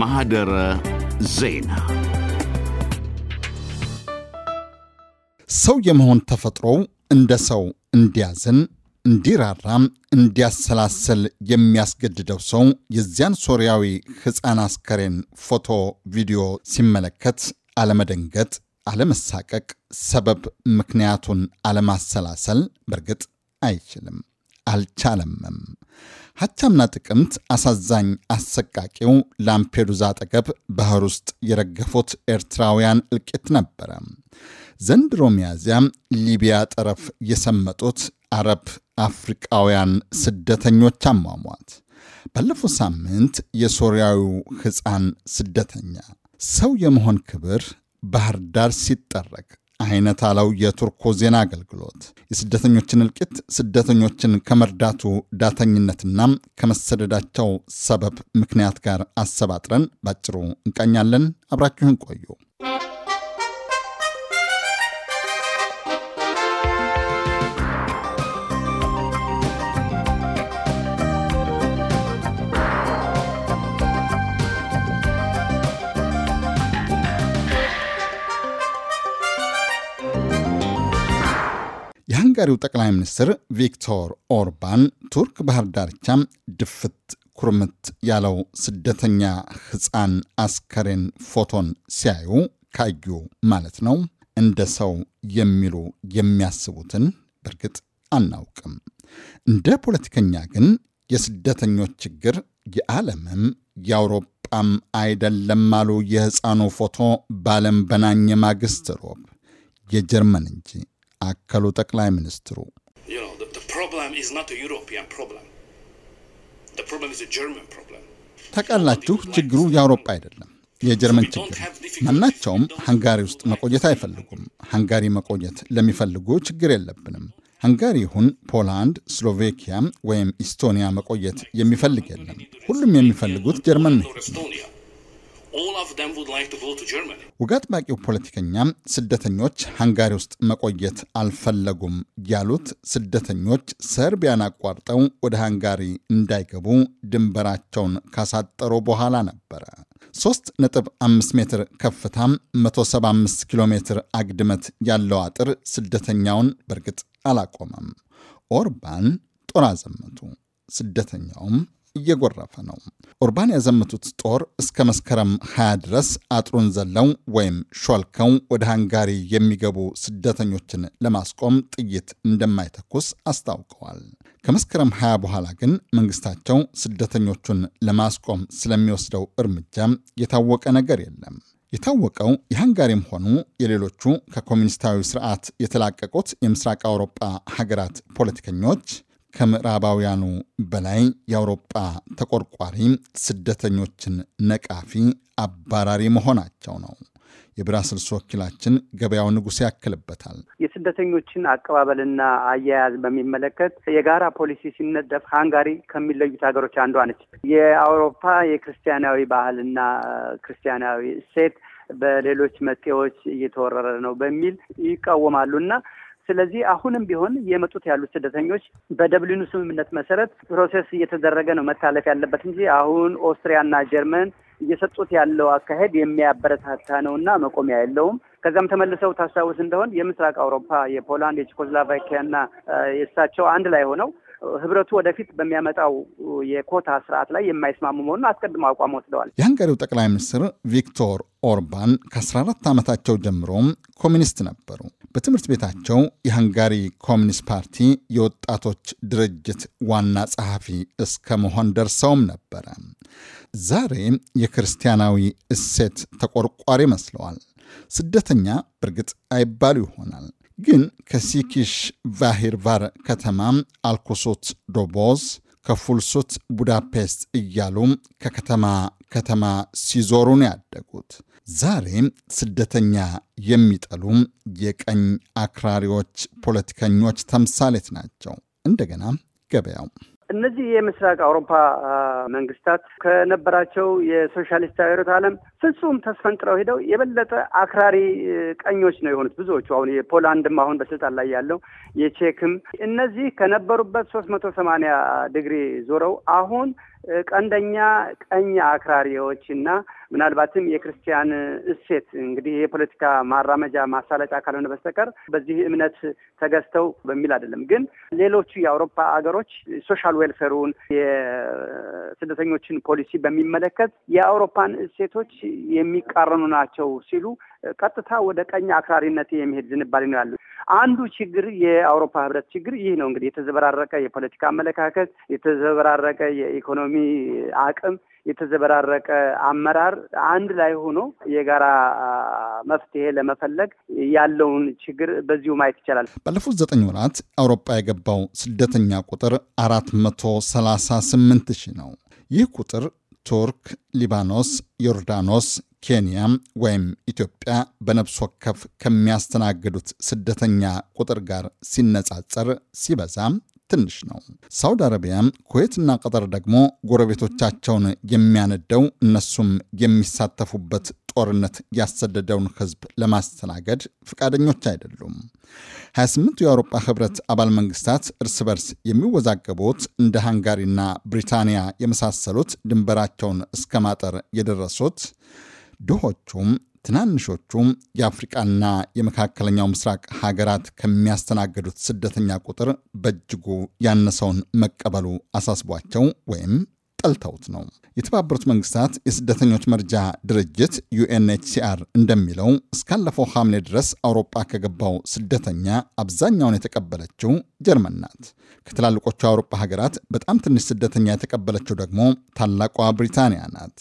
ማህደረ ዜና ሰው የመሆን ተፈጥሮው እንደ ሰው እንዲያዝን፣ እንዲራራም፣ እንዲያሰላስል የሚያስገድደው ሰው የዚያን ሶሪያዊ ሕፃን አስከሬን ፎቶ፣ ቪዲዮ ሲመለከት አለመደንገጥ፣ አለመሳቀቅ፣ ሰበብ ምክንያቱን አለማሰላሰል በርግጥ አይችልም። አልቻለምም። ሀቻምና ጥቅምት አሳዛኝ አሰቃቂው ላምፔዱዛ አጠገብ ባህር ውስጥ የረገፉት ኤርትራውያን እልቂት ነበረ። ዘንድሮ ሚያዝያም ሊቢያ ጠረፍ የሰመጡት አረብ አፍሪቃውያን ስደተኞች አሟሟት። ባለፈው ሳምንት የሶሪያዊው ሕፃን ስደተኛ ሰው የመሆን ክብር ባህር ዳር ሲጠረግ አይነት አለው የቱርኩ ዜና አገልግሎት። የስደተኞችን እልቂት ስደተኞችን ከመርዳቱ ዳተኝነትና ከመሰደዳቸው ሰበብ ምክንያት ጋር አሰባጥረን ባጭሩ እንቃኛለን። አብራችሁን ቆዩ። የሃንጋሪው ጠቅላይ ሚኒስትር ቪክቶር ኦርባን ቱርክ ባህር ዳርቻ ድፍት ኩርምት ያለው ስደተኛ ሕፃን አስከሬን ፎቶን ሲያዩ ካዩ ማለት ነው እንደ ሰው የሚሉ የሚያስቡትን በእርግጥ አናውቅም። እንደ ፖለቲከኛ ግን የስደተኞች ችግር የዓለምም የአውሮጳም አይደለም አሉ የሕፃኑ ፎቶ በዓለም በናኘ ማግስት ሮብ የጀርመን እንጂ አከሉ ጠቅላይ ሚኒስትሩ። ተቃላችሁ ችግሩ የአውሮፓ አይደለም፣ የጀርመን ችግር። ማናቸውም ሃንጋሪ ውስጥ መቆየት አይፈልጉም። ሃንጋሪ መቆየት ለሚፈልጉ ችግር የለብንም። ሃንጋሪ ይሁን ፖላንድ፣ ስሎቬኪያ ወይም ኢስቶኒያ መቆየት የሚፈልግ የለም። ሁሉም የሚፈልጉት ጀርመን ነው። ውጋት አጥባቂው ፖለቲከኛ ስደተኞች ሃንጋሪ ውስጥ መቆየት አልፈለጉም ያሉት ስደተኞች ሰርቢያን አቋርጠው ወደ ሃንጋሪ እንዳይገቡ ድንበራቸውን ካሳጠሩ በኋላ ነበረ። 3.5 ሜትር ከፍታ 175 ኪሎ ሜትር አግድመት ያለው አጥር ስደተኛውን በእርግጥ አላቆመም። ኦርባን ጦር አዘመቱ፣ ስደተኛውም እየጎረፈ ነው። ኦርባን ያዘመቱት ጦር እስከ መስከረም 20 ድረስ አጥሩን ዘለው ወይም ሾልከው ወደ ሃንጋሪ የሚገቡ ስደተኞችን ለማስቆም ጥይት እንደማይተኩስ አስታውቀዋል። ከመስከረም 20 በኋላ ግን መንግስታቸው ስደተኞቹን ለማስቆም ስለሚወስደው እርምጃ የታወቀ ነገር የለም። የታወቀው የሃንጋሪም ሆኑ የሌሎቹ ከኮሚኒስታዊ ስርዓት የተላቀቁት የምስራቅ አውሮጳ ሀገራት ፖለቲከኞች ከምዕራባውያኑ በላይ የአውሮጳ ተቆርቋሪ ስደተኞችን ነቃፊ አባራሪ መሆናቸው ነው። የብራስልስ ወኪላችን ገበያው ንጉሴ ያክልበታል። የስደተኞችን አቀባበልና አያያዝ በሚመለከት የጋራ ፖሊሲ ሲነደፍ ሃንጋሪ ከሚለዩት ሀገሮች አንዷ ነች። የአውሮፓ የክርስቲያናዊ ባህልና ክርስቲያናዊ እሴት በሌሎች መጤዎች እየተወረረ ነው በሚል ይቃወማሉ እና ስለዚህ አሁንም ቢሆን የመጡት ያሉት ስደተኞች በደብሊኑ ስምምነት መሰረት ፕሮሴስ እየተደረገ ነው መታለፍ ያለበት እንጂ አሁን ኦስትሪያና ጀርመን እየሰጡት ያለው አካሄድ የሚያበረታታ ነው እና መቆሚያ የለውም። ከዚያም ተመልሰው ታስታውስ እንደሆን የምስራቅ አውሮፓ የፖላንድ የቼኮስሎቫኪያና የእሳቸው አንድ ላይ ሆነው ህብረቱ ወደፊት በሚያመጣው የኮታ ስርዓት ላይ የማይስማሙ መሆኑን አስቀድሞ አቋም ወስደዋል። የሀንጋሪው ጠቅላይ ሚኒስትር ቪክቶር ኦርባን ከአስራ አራት ዓመታቸው ጀምሮም ኮሚኒስት ነበሩ። በትምህርት ቤታቸው የሃንጋሪ ኮሚኒስት ፓርቲ የወጣቶች ድርጅት ዋና ጸሐፊ እስከ መሆን ደርሰውም ነበረ። ዛሬ የክርስቲያናዊ እሴት ተቆርቋሪ መስለዋል። ስደተኛ በእርግጥ አይባሉ ይሆናል። ግን ከሲኪሽ ቫሂርቫር ከተማ አልኩሱት ዶቦዝ ከፉልሱት ቡዳፔስት እያሉ ከከተማ ከተማ ሲዞሩ ነው ያደጉት። ዛሬ ስደተኛ የሚጠሉ የቀኝ አክራሪዎች ፖለቲከኞች ተምሳሌት ናቸው። እንደገና ገበያው እነዚህ የምስራቅ አውሮፓ መንግስታት ከነበራቸው የሶሻሊስት ርዕዮተ ዓለም ፍጹም ተስፈንጥረው ሄደው የበለጠ አክራሪ ቀኞች ነው የሆኑት ብዙዎቹ። አሁን የፖላንድም አሁን በስልጣን ላይ ያለው የቼክም እነዚህ ከነበሩበት ሶስት መቶ ሰማንያ ዲግሪ ዞረው አሁን ቀንደኛ ቀኝ አክራሪዎች እና ምናልባትም የክርስቲያን እሴት እንግዲህ የፖለቲካ ማራመጃ ማሳለጫ ካልሆነ በስተቀር በዚህ እምነት ተገዝተው በሚል አይደለም። ግን ሌሎቹ የአውሮፓ ሀገሮች ሶሻል ዌልፌሩን የስደተኞችን ፖሊሲ በሚመለከት የአውሮፓን እሴቶች የሚቃረኑ ናቸው ሲሉ ቀጥታ ወደ ቀኝ አክራሪነት የሚሄድ ዝንባሌ ነው ያለው። አንዱ ችግር የአውሮፓ ህብረት ችግር ይህ ነው እንግዲህ የተዘበራረቀ የፖለቲካ አመለካከት፣ የተዘበራረቀ የኢኮኖሚ አቅም፣ የተዘበራረቀ አመራር አንድ ላይ ሆኖ የጋራ መፍትሄ ለመፈለግ ያለውን ችግር በዚሁ ማየት ይቻላል። ባለፉት ዘጠኝ ወራት አውሮፓ የገባው ስደተኛ ቁጥር አራት መቶ ሰላሳ ስምንት ሺህ ነው። ይህ ቁጥር ቱርክ፣ ሊባኖስ፣ ዮርዳኖስ፣ ኬንያ ወይም ኢትዮጵያ በነፍስ ወከፍ ከሚያስተናግዱት ስደተኛ ቁጥር ጋር ሲነጻጸር ሲበዛ ትንሽ ነው። ሳውዲ አረቢያ፣ ኩዌትና ቀጠር ደግሞ ጎረቤቶቻቸውን የሚያነደው እነሱም የሚሳተፉበት ጦርነት ያሰደደውን ህዝብ ለማስተናገድ ፈቃደኞች አይደሉም። 28ቱ የአውሮፓ ህብረት አባል መንግስታት እርስ በርስ የሚወዛገቡት እንደ ሃንጋሪና ብሪታንያ የመሳሰሉት ድንበራቸውን እስከ ማጠር የደረሱት ድሆቹም ትናንሾቹም የአፍሪቃና የመካከለኛው ምስራቅ ሀገራት ከሚያስተናግዱት ስደተኛ ቁጥር በእጅጉ ያነሰውን መቀበሉ አሳስቧቸው ወይም ጠልተውት ነው። የተባበሩት መንግስታት የስደተኞች መርጃ ድርጅት ዩኤንኤችሲአር እንደሚለው እስካለፈው ሐምሌ ድረስ አውሮፓ ከገባው ስደተኛ አብዛኛውን የተቀበለችው ጀርመን ናት። ከትላልቆቹ የአውሮጳ ሀገራት በጣም ትንሽ ስደተኛ የተቀበለችው ደግሞ ታላቋ ብሪታንያ ናት።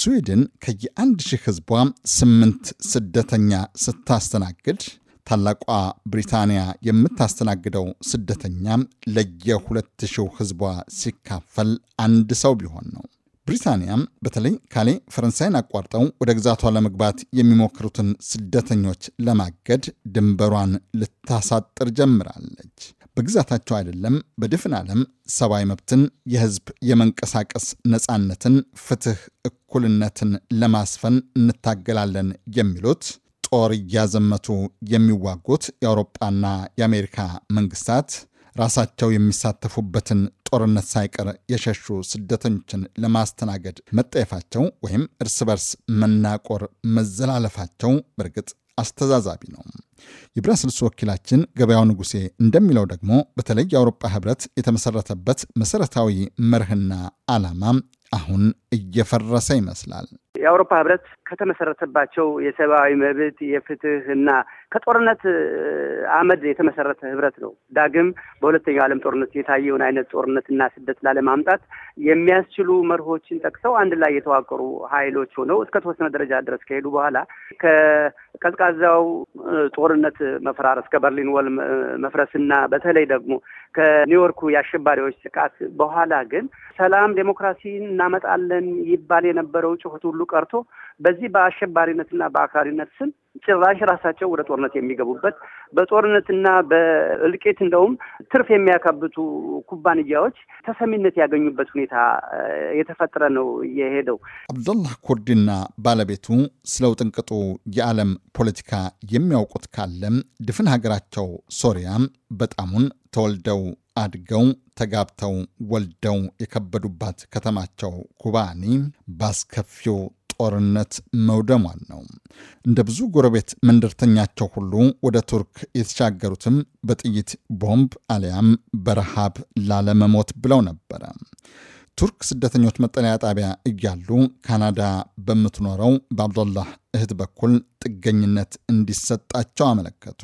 ስዊድን ከየ ሺህ ህዝቧ ስምንት ስደተኛ ስታስተናግድ ታላቋ ብሪታንያ የምታስተናግደው ስደተኛ ለየሁለት ሺው ህዝቧ ሲካፈል አንድ ሰው ቢሆን ነው። ብሪታንያ በተለይ ካሌ ፈረንሳይን አቋርጠው ወደ ግዛቷ ለመግባት የሚሞክሩትን ስደተኞች ለማገድ ድንበሯን ልታሳጥር ጀምራለች። በግዛታቸው አይደለም፣ በድፍን ዓለም ሰብአዊ መብትን፣ የህዝብ የመንቀሳቀስ ነፃነትን፣ ፍትህ፣ እኩልነትን ለማስፈን እንታገላለን የሚሉት ጦር እያዘመቱ የሚዋጉት የአውሮጳና የአሜሪካ መንግስታት ራሳቸው የሚሳተፉበትን ጦርነት ሳይቀር የሸሹ ስደተኞችን ለማስተናገድ መጠየፋቸው ወይም እርስ በርስ መናቆር መዘላለፋቸው በእርግጥ አስተዛዛቢ ነው። የብራስልስ ወኪላችን ገበያው ንጉሴ እንደሚለው ደግሞ በተለይ የአውሮፓ ህብረት የተመሰረተበት መሰረታዊ መርህና ዓላማ አሁን እየፈረሰ ይመስላል። የአውሮፓ ህብረት ከተመሰረተባቸው የሰብአዊ መብት የፍትህ እና ከጦርነት አመድ የተመሰረተ ህብረት ነው። ዳግም በሁለተኛው ዓለም ጦርነት የታየውን አይነት ጦርነትና ስደት ላለማምጣት የሚያስችሉ መርሆችን ጠቅሰው አንድ ላይ የተዋቀሩ ኃይሎች ሆነው እስከ ተወሰነ ደረጃ ድረስ ከሄዱ በኋላ ከቀዝቃዛው ጦርነት መፈራረስ ከበርሊን ወል መፍረስና በተለይ ደግሞ ከኒውዮርኩ የአሸባሪዎች ጥቃት በኋላ ግን ሰላም ዴሞክራሲ እናመጣለን ይባል የነበረው ጩኸት ሁሉ ቀርቶ በዚህ በአሸባሪነትና በአክራሪነት ስም ጭራሽ ራሳቸው ወደ ጦርነት የሚገቡበት በጦርነትና በእልቂት እንደውም ትርፍ የሚያካብቱ ኩባንያዎች ተሰሚነት ያገኙበት ሁኔታ የተፈጠረ ነው የሄደው። አብዱላህ ኩርዲና ባለቤቱ ስለ ውጥንቅጡ የዓለም ፖለቲካ የሚያውቁት ካለም ድፍን ሀገራቸው ሶሪያ በጣሙን ተወልደው አድገው ተጋብተው ወልደው የከበዱባት ከተማቸው ኩባኒ ባስከፊው ጦርነት መውደሟን ነው። እንደ ብዙ ጎረቤት መንደርተኛቸው ሁሉ ወደ ቱርክ የተሻገሩትም በጥይት ቦምብ አሊያም በረሃብ ላለመሞት ብለው ነበረ። ቱርክ ስደተኞች መጠለያ ጣቢያ እያሉ ካናዳ በምትኖረው በአብዶላህ እህት በኩል ጥገኝነት እንዲሰጣቸው አመለከቱ።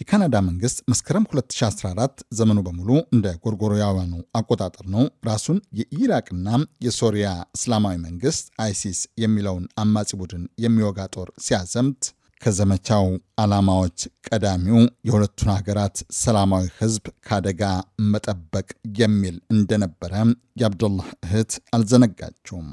የካናዳ መንግስት መስከረም 2014 ዘመኑ በሙሉ እንደ ጎርጎሮያውያኑ አቆጣጠር ነው። ራሱን የኢራቅና የሶሪያ እስላማዊ መንግስት አይሲስ የሚለውን አማጺ ቡድን የሚወጋ ጦር ሲያዘምት ከዘመቻው ዓላማዎች ቀዳሚው የሁለቱን ሀገራት ሰላማዊ ህዝብ ከአደጋ መጠበቅ የሚል እንደነበረ የአብዶላህ እህት አልዘነጋቸውም።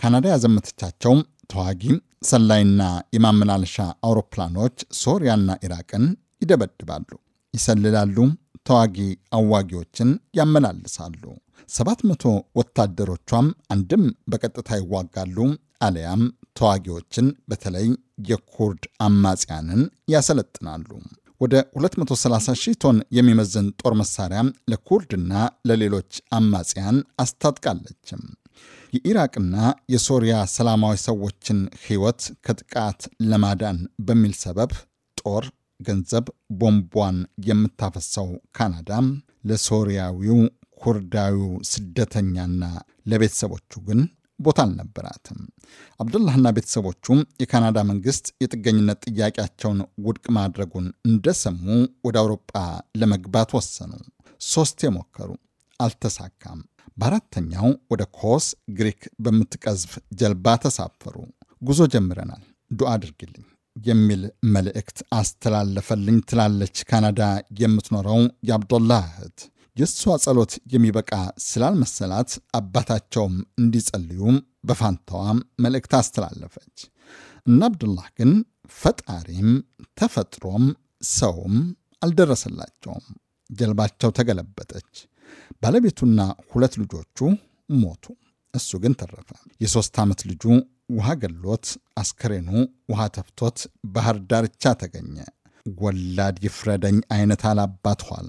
ካናዳ ያዘመተቻቸው ተዋጊ ሰላይና የማመላለሻ አውሮፕላኖች ሶሪያና ኢራቅን ይደበድባሉ፣ ይሰልላሉ፣ ተዋጊ አዋጊዎችን ያመላልሳሉ። ሰባት መቶ ወታደሮቿም አንድም በቀጥታ ይዋጋሉ አሊያም ተዋጊዎችን በተለይ የኩርድ አማጽያንን ያሰለጥናሉ። ወደ 230 ሺህ ቶን የሚመዝን ጦር መሳሪያ ለኩርድና ለሌሎች አማጽያን አስታጥቃለችም። የኢራቅና የሶሪያ ሰላማዊ ሰዎችን ሕይወት ከጥቃት ለማዳን በሚል ሰበብ ጦር ገንዘብ ቦምቧን የምታፈሰው ካናዳ ለሶሪያዊው ኩርዳዊው ስደተኛና ለቤተሰቦቹ ግን ቦታ አልነበራትም። አብዱላህና ቤተሰቦቹም የካናዳ መንግስት የጥገኝነት ጥያቄያቸውን ውድቅ ማድረጉን እንደሰሙ ወደ አውሮጳ ለመግባት ወሰኑ። ሶስት የሞከሩ አልተሳካም። በአራተኛው ወደ ኮስ ግሪክ በምትቀዝፍ ጀልባ ተሳፈሩ። ጉዞ ጀምረናል፣ ዱዓ አድርግልኝ የሚል መልእክት አስተላለፈልኝ ትላለች ካናዳ የምትኖረው የአብዶላህት እህት። የእሷ ጸሎት የሚበቃ ስላልመሰላት አባታቸውም እንዲጸልዩም በፋንታዋም መልእክት አስተላለፈች። እና አብዱላህ ግን ፈጣሪም ተፈጥሮም ሰውም አልደረሰላቸውም። ጀልባቸው ተገለበጠች። ባለቤቱና ሁለት ልጆቹ ሞቱ። እሱ ግን ተረፈ። የሦስት ዓመት ልጁ ውሃ ገሎት አስከሬኑ ውሃ ተፍቶት ባህር ዳርቻ ተገኘ። ወላድ ይፍረደኝ አይነት አላባት ኋላ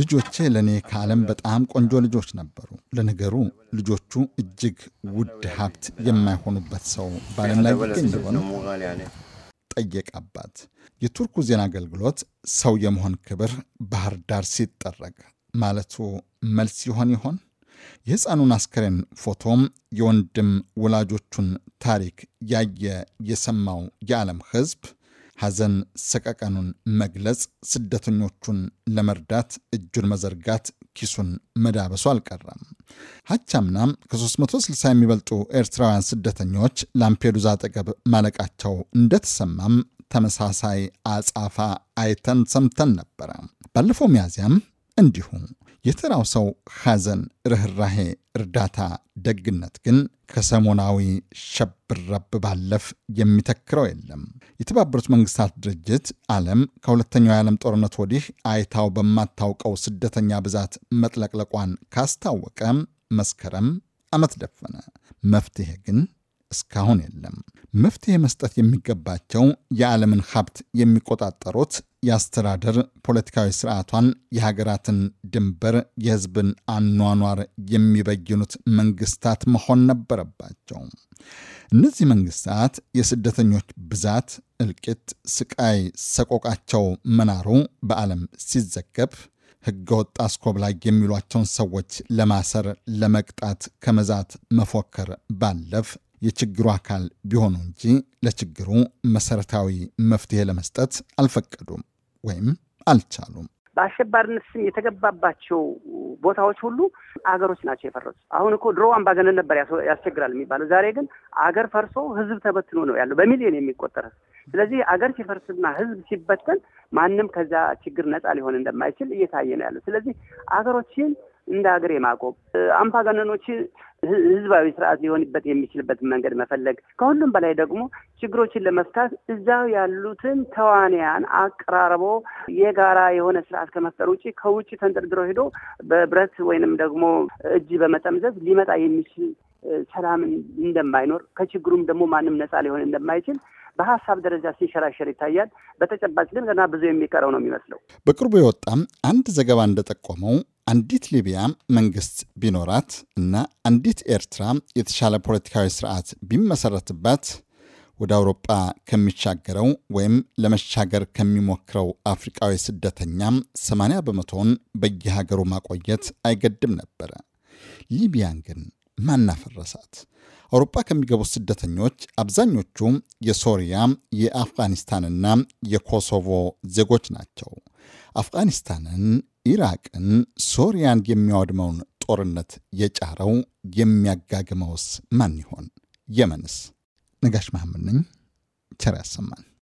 ልጆቼ ለእኔ ከዓለም በጣም ቆንጆ ልጆች ነበሩ። ለነገሩ ልጆቹ እጅግ ውድ ሀብት የማይሆኑበት ሰው በዓለም ላይ ይገኝ ይሆን? ጠየቅ አባት። የቱርኩ ዜና አገልግሎት ሰው የመሆን ክብር ባህር ዳር ሲጠረግ ማለቱ መልስ ይሆን ይሆን? የሕፃኑን አስከሬን ፎቶም የወንድም ወላጆቹን ታሪክ ያየ የሰማው የዓለም ሕዝብ ሐዘን ሰቀቀኑን መግለጽ፣ ስደተኞቹን ለመርዳት እጁን መዘርጋት፣ ኪሱን መዳበሱ አልቀረም። ሀቻምና ከ360 የሚበልጡ ኤርትራውያን ስደተኞች ላምፔዱዛ አጠገብ ማለቃቸው እንደተሰማም ተመሳሳይ አጻፋ አይተን ሰምተን ነበረ። ባለፈው ሚያዝያም እንዲሁ የተራው ሰው ሐዘን፣ ርኅራሄ፣ እርዳታ፣ ደግነት ግን ከሰሞናዊ ሸብረብ ባለፍ የሚተክረው የለም። የተባበሩት መንግስታት ድርጅት ዓለም ከሁለተኛው የዓለም ጦርነት ወዲህ አይታው በማታውቀው ስደተኛ ብዛት መጥለቅለቋን ካስታወቀ መስከረም ዓመት ደፈነ። መፍትሄ ግን እስካሁን የለም። መፍትሄ መስጠት የሚገባቸው የዓለምን ሀብት የሚቆጣጠሩት የአስተዳደር ፖለቲካዊ ስርዓቷን፣ የሀገራትን ድንበር፣ የህዝብን አኗኗር የሚበይኑት መንግስታት መሆን ነበረባቸው። እነዚህ መንግስታት የስደተኞች ብዛት፣ እልቂት፣ ስቃይ፣ ሰቆቃቸው መናሩ በዓለም ሲዘገብ ህገወጥ አስኮብላይ የሚሏቸውን ሰዎች ለማሰር፣ ለመቅጣት ከመዛት መፎከር ባለፍ የችግሩ አካል ቢሆኑ እንጂ ለችግሩ መሰረታዊ መፍትሄ ለመስጠት አልፈቀዱም ወይም አልቻሉም። በአሸባሪነት ስም የተገባባቸው ቦታዎች ሁሉ አገሮች ናቸው የፈረሱ። አሁን እኮ ድሮ አምባገነን ነበር ያስቸግራል የሚባለው፣ ዛሬ ግን አገር ፈርሶ ህዝብ ተበትኖ ነው ያለው በሚሊዮን የሚቆጠር ስለዚህ አገር ሲፈርስና ህዝብ ሲበተን ማንም ከዛ ችግር ነፃ ሊሆን እንደማይችል እየታየ ነው ያለው። ስለዚህ አገሮችን እንደ ሀገር የማቆም አምባገነኖችን ህዝባዊ ስርዓት ሊሆንበት የሚችልበት መንገድ መፈለግ፣ ከሁሉም በላይ ደግሞ ችግሮችን ለመፍታት እዛው ያሉትን ተዋንያን አቀራርቦ የጋራ የሆነ ስርዓት ከመፍጠር ውጭ ከውጭ ተንጠርድሮ ሄዶ በብረት ወይንም ደግሞ እጅ በመጠምዘዝ ሊመጣ የሚችል ሰላም እንደማይኖር ከችግሩም ደግሞ ማንም ነፃ ሊሆን እንደማይችል በሀሳብ ደረጃ ሲንሸራሸር ይታያል። በተጨባጭ ግን ገና ብዙ የሚቀረው ነው የሚመስለው። በቅርቡ የወጣም አንድ ዘገባ እንደጠቆመው አንዲት ሊቢያ መንግስት ቢኖራት እና አንዲት ኤርትራ የተሻለ ፖለቲካዊ ስርዓት ቢመሰረትባት ወደ አውሮጳ ከሚሻገረው ወይም ለመሻገር ከሚሞክረው አፍሪቃዊ ስደተኛም 80 በመቶውን በየሀገሩ ማቆየት አይገድም ነበረ። ሊቢያን ግን ማናፈረሳት? አውሮፓ ከሚገቡት ስደተኞች አብዛኞቹ የሶሪያ የአፍጋኒስታንና የኮሶቮ ዜጎች ናቸው። አፍጋኒስታንን ኢራቅን፣ ሶሪያን የሚያወድመውን ጦርነት የጫረው የሚያጋግመውስ ማን ይሆን? የመንስ? ነጋሽ መሐመድ ነኝ። ቸር ያሰማን።